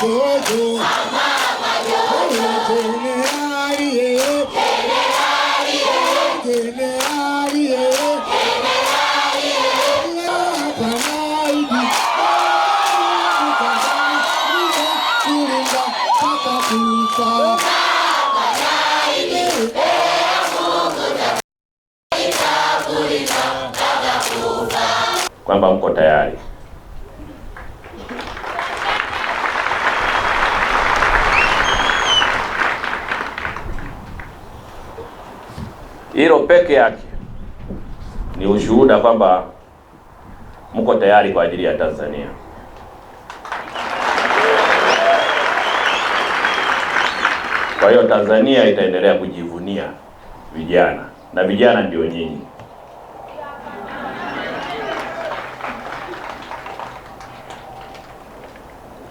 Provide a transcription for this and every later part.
watoto kwamba mko tayari. Hilo peke yake ni ushuhuda kwamba mko tayari kwa ajili ya Tanzania. Kwa hiyo Tanzania itaendelea kujivunia vijana na vijana ndio nyinyi.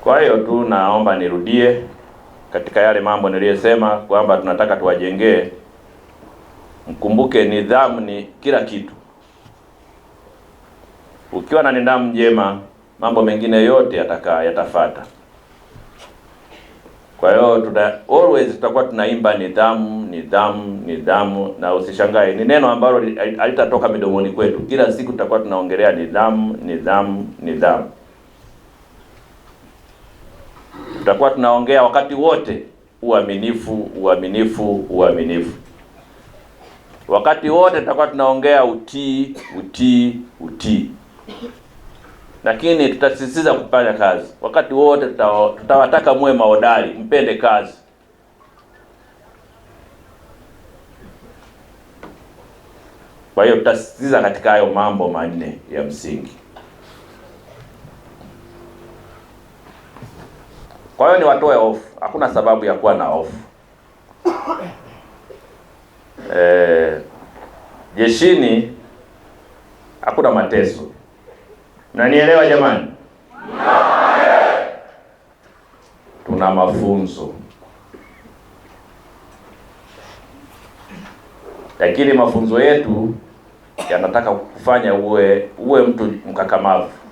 Kwa hiyo tu naomba nirudie katika yale mambo niliyosema kwamba tunataka tuwajengee Mkumbuke nidhamu ni kila kitu. Ukiwa na nidhamu njema, mambo mengine yote yatakaa yatafata. Kwa hiyo tuta always tutakuwa tunaimba nidhamu, nidhamu, nidhamu, na usishangae, ni neno ambalo halitatoka midomoni kwetu. Kila siku tutakuwa tunaongelea nidhamu, nidhamu, nidhamu, tutakuwa tunaongea wakati wote uaminifu, uaminifu, uaminifu. Wakati wote tutakuwa tunaongea utii, utii, utii, lakini tutasisitiza kufanya kazi. Wakati wote tutawataka muwe maodali mpende kazi. Kwa hiyo tutasisitiza katika hayo mambo manne ya msingi. Kwa hiyo ni watoe hofu, hakuna sababu ya kuwa na hofu. jeshini hakuna mateso. Mnanielewa jamani? Tuna mafunzo, lakini mafunzo yetu yanataka kufanya uwe uwe mtu mkakamavu.